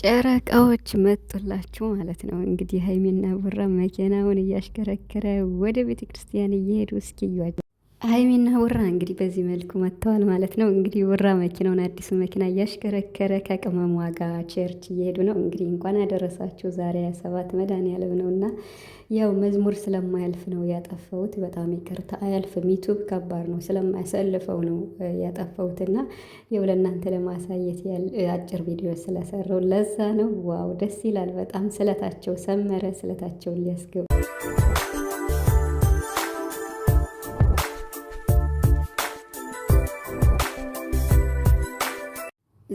ጨረቃዎች መጡላችሁ ማለት ነው እንግዲህ ሀይሚና ቡራ መኪናውን እያሽከረከረ ወደ ቤተ ክርስቲያን እየሄዱ እስኪ ሀይሚና ውራ እንግዲህ በዚህ መልኩ መጥተዋል ማለት ነው። እንግዲህ ውራ መኪናውን አዲሱን መኪና እያሽከረከረ ከቅመም ዋጋ ቸርች እየሄዱ ነው። እንግዲህ እንኳን ያደረሳቸው ዛሬ ሀያ ሰባት መድኃኒዓለም ነው እና ያው መዝሙር ስለማያልፍ ነው ያጠፈውት። በጣም ይቅርታ፣ አያልፍም። ዩቱብ ከባድ ነው፣ ስለማያሰልፈው ነው ያጠፈውት እና ያው ለእናንተ ለማሳየት አጭር ቪዲዮ ስለሰራው ለዛ ነው። ዋው ደስ ይላል በጣም ስለታቸው ሰመረ፣ ስለታቸውን ሊያስገቡ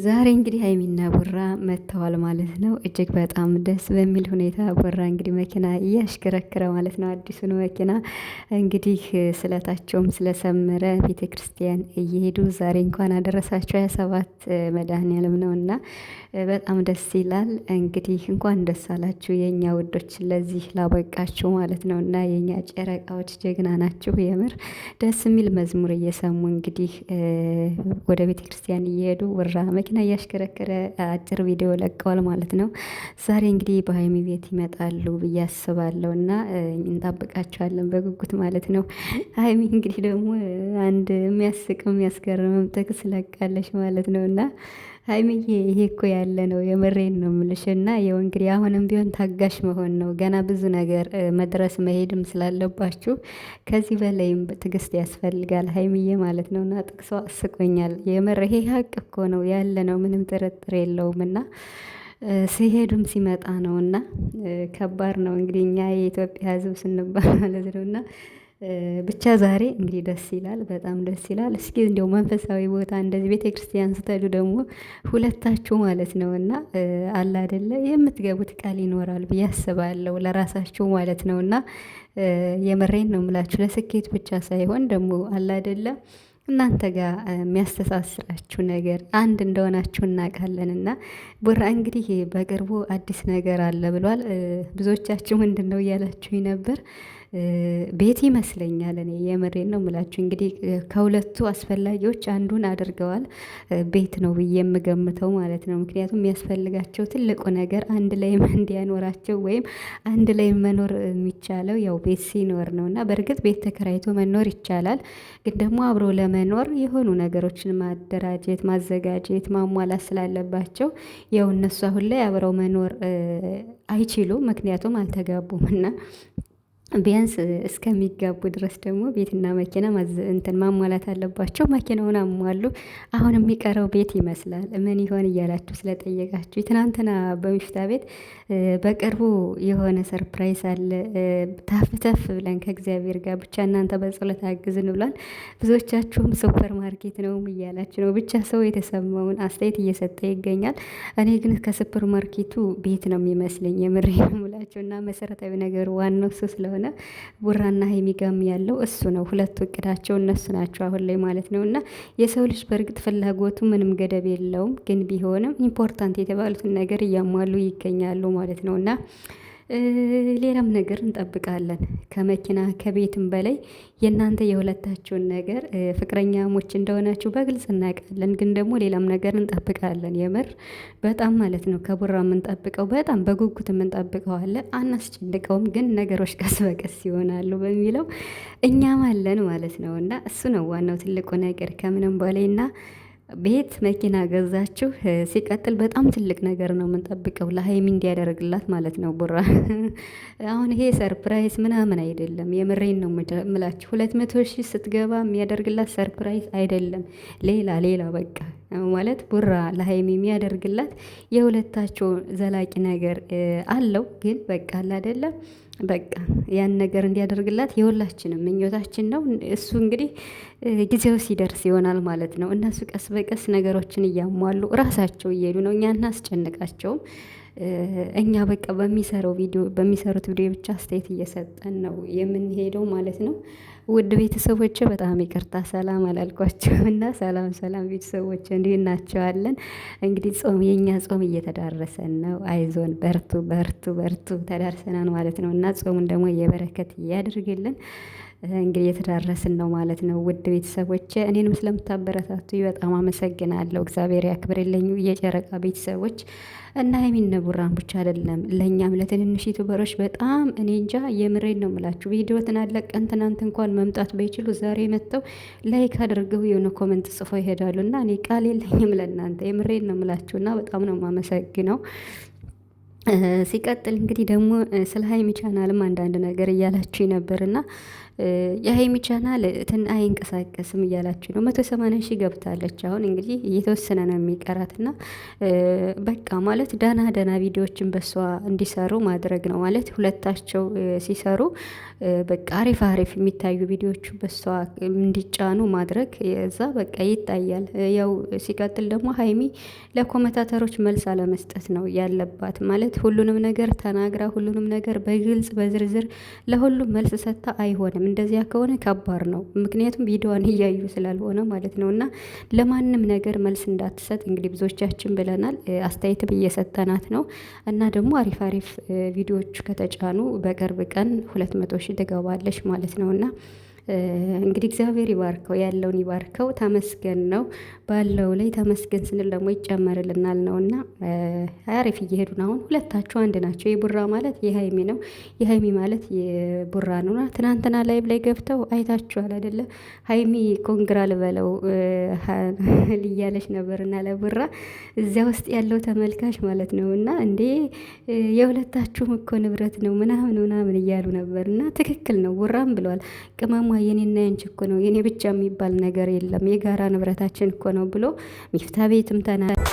ዛሬ እንግዲህ ሀይሚና ቡራ መጥተዋል ማለት ነው። እጅግ በጣም ደስ በሚል ሁኔታ ቡራ እንግዲህ መኪና እያሽከረከረ ማለት ነው፣ አዲሱን መኪና እንግዲህ ስለታቸውም ስለሰመረ ቤተ ክርስቲያን እየሄዱ ዛሬ እንኳን አደረሳቸው ሀያ ሰባት መድኃኔዓለም ነው እና በጣም ደስ ይላል። እንግዲህ እንኳን ደስ አላችሁ የእኛ ውዶች ለዚህ ላበቃችሁ ማለት ነው እና የእኛ ጨረቃዎች ጀግና ናችሁ። የምር ደስ የሚል መዝሙር እየሰሙ እንግዲህ ወደ ቤተ ክርስቲያን እየሄዱ ቡራ መኪና እያሽከረከረ አጭር ቪዲዮ ለቀዋል ማለት ነው። ዛሬ እንግዲህ በሀይሚ ቤት ይመጣሉ ብዬ አስባለሁ እና እንጠብቃቸዋለን በጉጉት ማለት ነው። ሀይሚ እንግዲህ ደግሞ አንድ የሚያስቅ የሚያስገርምም ጥቅስ ለቃለች ማለት ነው እና ሀይሚዬ ይሄ እኮ ያለ ነው። የምሬን ነው የምልሽ። እና ያው እንግዲህ አሁንም ቢሆን ታጋሽ መሆን ነው። ገና ብዙ ነገር መድረስ መሄድም ስላለባችሁ ከዚህ በላይም ትግስት ያስፈልጋል ሀይሚዬ ማለት ነው። እና ጥቅሷ አስቆኛል። የምር ይሄ ሀቅ እኮ ነው ያለ ነው፣ ምንም ጥርጥር የለውም። እና ሲሄዱም ሲመጣ ነው እና ከባድ ነው እንግዲህ እኛ የኢትዮጵያ ሕዝብ ስንባል ማለት ነው እና ብቻ ዛሬ እንግዲህ ደስ ይላል፣ በጣም ደስ ይላል። እስኪ እንዲያው መንፈሳዊ ቦታ እንደዚህ ቤተ ክርስቲያን ስትሄዱ ደግሞ ሁለታችሁ ማለት ነው እና አላ አደለ የምትገቡት ቃል ይኖራል ብዬ አስባለሁ ለራሳችሁ ማለት ነው እና የምሬን ነው የምላችሁ ለስኬት ብቻ ሳይሆን ደግሞ አላ አደለ እናንተ ጋር የሚያስተሳስራችሁ ነገር አንድ እንደሆናችሁ እናውቃለን። እና ቡራ እንግዲህ በቅርቡ አዲስ ነገር አለ ብሏል። ብዙዎቻችሁ ምንድን ነው እያላችሁኝ ነበር። ቤት ይመስለኛል። እኔ የምሬን ነው ምላችሁ። እንግዲህ ከሁለቱ አስፈላጊዎች አንዱን አድርገዋል። ቤት ነው ብዬ የምገምተው ማለት ነው። ምክንያቱም የሚያስፈልጋቸው ትልቁ ነገር አንድ ላይ እንዲያኖራቸው ወይም አንድ ላይ መኖር የሚቻለው ያው ቤት ሲኖር ነው እና በእርግጥ ቤት ተከራይቶ መኖር ይቻላል። ግን ደግሞ አብሮ ለመኖር የሆኑ ነገሮችን ማደራጀት፣ ማዘጋጀት፣ ማሟላት ስላለባቸው ያው እነሱ አሁን ላይ አብረው መኖር አይችሉም። ምክንያቱም አልተጋቡም እና ቢያንስ እስከሚጋቡ ድረስ ደግሞ ቤትና መኪና እንትን ማሟላት አለባቸው። መኪናውን አሟሉ። አሁን የሚቀረው ቤት ይመስላል። ምን ይሆን እያላችሁ ስለጠየቃችሁ ትናንትና በሚፍታ ቤት በቅርቡ የሆነ ሰርፕራይዝ አለ። ታፍተፍ ብለን ከእግዚአብሔር ጋር ብቻ እናንተ በጸሎት አግዝን ብሏል። ብዙዎቻችሁም ሱፐር ማርኬት ነው እያላችሁ ነው። ብቻ ሰው የተሰማውን አስተያየት እየሰጠ ይገኛል። እኔ ግን ከሱፐር ማርኬቱ ቤት ነው የሚመስለኝ። የምሬ ሙላቸው እና መሰረታዊ ነገር ዋናው ሱ ስለሆነ እንደሆነ ቡራና ሀይሚጋም ያለው እሱ ነው። ሁለቱ እቅዳቸው እነሱ ናቸው አሁን ላይ ማለት ነው። እና የሰው ልጅ በእርግጥ ፍላጎቱ ምንም ገደብ የለውም። ግን ቢሆንም ኢምፖርታንት የተባሉትን ነገር እያሟሉ ይገኛሉ ማለት ነው እና ሌላም ነገር እንጠብቃለን። ከመኪና ከቤትም በላይ የእናንተ የሁለታችሁን ነገር ፍቅረኛሞች እንደሆናችሁ በግልጽ እናውቃለን። ግን ደግሞ ሌላም ነገር እንጠብቃለን። የምር በጣም ማለት ነው። ከቡራ የምንጠብቀው በጣም በጉጉት የምንጠብቀው አለ። አናስጨንቀውም፣ ግን ነገሮች ቀስ በቀስ ይሆናሉ በሚለው እኛም አለን ማለት ነው። እና እሱ ነው ዋናው ትልቁ ነገር ከምንም በላይ እና ቤት መኪና ገዛችሁ። ሲቀጥል በጣም ትልቅ ነገር ነው የምንጠብቀው ለሀይሚ እንዲያደርግላት ማለት ነው ቡራ። አሁን ይሄ ሰርፕራይዝ ምናምን አይደለም፣ የምሬን ነው ምላችሁ። ሁለት መቶ ሺህ ስትገባ የሚያደርግላት ሰርፕራይዝ አይደለም፣ ሌላ ሌላ በቃ ማለት ቡራ ለሀይሚ የሚያደርግላት የሁለታቸው ዘላቂ ነገር አለው። ግን በቃ አለ አይደለም በቃ ያን ነገር እንዲያደርግላት የሁላችንም ምኞታችን ነው። እሱ እንግዲህ ጊዜው ሲደርስ ይሆናል ማለት ነው። እነሱ ቀስ በቀስ ነገሮችን እያሟሉ ራሳቸው እየሄዱ ነው። እኛ እናስጨንቃቸውም እኛ በቃ በሚሰራው ቪዲዮ በሚሰሩት ቪዲዮ ብቻ አስተያየት እየሰጠን ነው የምንሄደው ማለት ነው። ውድ ቤተሰቦች በጣም ይቅርታ ሰላም አላልኳቸውምና፣ ሰላም ሰላም ቤተሰቦች እንዴት ናቸዋለን? እንግዲህ ጾም የእኛ ጾም እየተዳረሰን ነው። አይዞን በርቱ በርቱ በርቱ ተዳርሰናል ማለት ነው እና ጾሙን ደግሞ የበረከት እያድርግልን እንግዲህ የተዳረስን ነው ማለት ነው። ውድ ቤተሰቦች እኔንም ስለምታበረታቱ በጣም አመሰግናለሁ። እግዚአብሔር ያክብርልኝ። የጨረቃ ቤተሰቦች እና ሀይሚን ቡራን ብቻ አይደለም ለእኛም ለትንንሽ ዩቱበሮች በጣም እኔ እንጃ የምሬን ነው ምላችሁ ቪዲዮ ትናለቀን ትናንት እንኳን መምጣት ባይችሉ ዛሬ መጥተው ላይክ አድርገው የሆነ ኮመንት ጽፈው ይሄዳሉ እና እኔ ቃል የለኝም ለእናንተ የምሬን ነው ምላችሁ። እና በጣም ነው የማመሰግነው። ሲቀጥል እንግዲህ ደግሞ ስለ ሀይሚ ቻናልም አንዳንድ ነገር እያላችሁ ነበርና። የሀይሚ ቻናል ትን አይንቀሳቀስም እያላችሁ ነው። መቶ ሰማንያ ሺህ ገብታለች። አሁን እንግዲህ እየተወሰነ ነው የሚቀራትና በቃ ማለት ደህና ደህና ቪዲዮዎችን በሷ እንዲሰሩ ማድረግ ነው ማለት ሁለታቸው ሲሰሩ በቃ አሪፍ አሪፍ የሚታዩ ቪዲዮዎቹ በሷ እንዲጫኑ ማድረግ እዛ በቃ ይታያል። ያው ሲቀጥል ደግሞ ሀይሚ ለኮመታተሮች መልስ አለመስጠት ነው ያለባት ማለት ሁሉንም ነገር ተናግራ ሁሉንም ነገር በግልጽ በዝርዝር ለሁሉም መልስ ሰጥታ አይሆንም። እንደዚያ ከሆነ ከባድ ነው። ምክንያቱም ቪዲዮዋን እያዩ ስላልሆነ ማለት ነው። እና ለማንም ነገር መልስ እንዳትሰጥ እንግዲህ ብዙዎቻችን ብለናል፣ አስተያየትም እየሰጠናት ነው። እና ደግሞ አሪፍ አሪፍ ቪዲዮዎቹ ከተጫኑ በቅርብ ቀን ሁለት መቶ ሺህ ትገባለች ማለት ነው እና እንግዲህ እግዚአብሔር ይባርከው፣ ያለውን ይባርከው። ተመስገን ነው። ባለው ላይ ተመስገን ስንል ደግሞ ይጨመርልናል ነው እና አሪፍ እየሄዱ ነው። አሁን ሁለታቸው አንድ ናቸው። የቡራ ማለት የሀይሚ ነው፣ የሀይሚ ማለት የቡራ ነው። እና ትናንትና ላይብ ላይ ገብተው አይታችኋል አይደለ? ሀይሚ ኮንግራ ልበለው ልያለች ነበር እና ለቡራ እዚያ ውስጥ ያለው ተመልካች ማለት ነው እና እንዴ የሁለታችሁም እኮ ንብረት ነው ምናምን ምናምን እያሉ ነበር እና ትክክል ነው። ቡራም ብለዋል ቅመሟ የኔና ያንቺ እኮ ነው የኔ ብቻ የሚባል ነገር የለም የጋራ ንብረታችን እኮ ነው ነው ብሎ ሚፍታ ቤትም ተና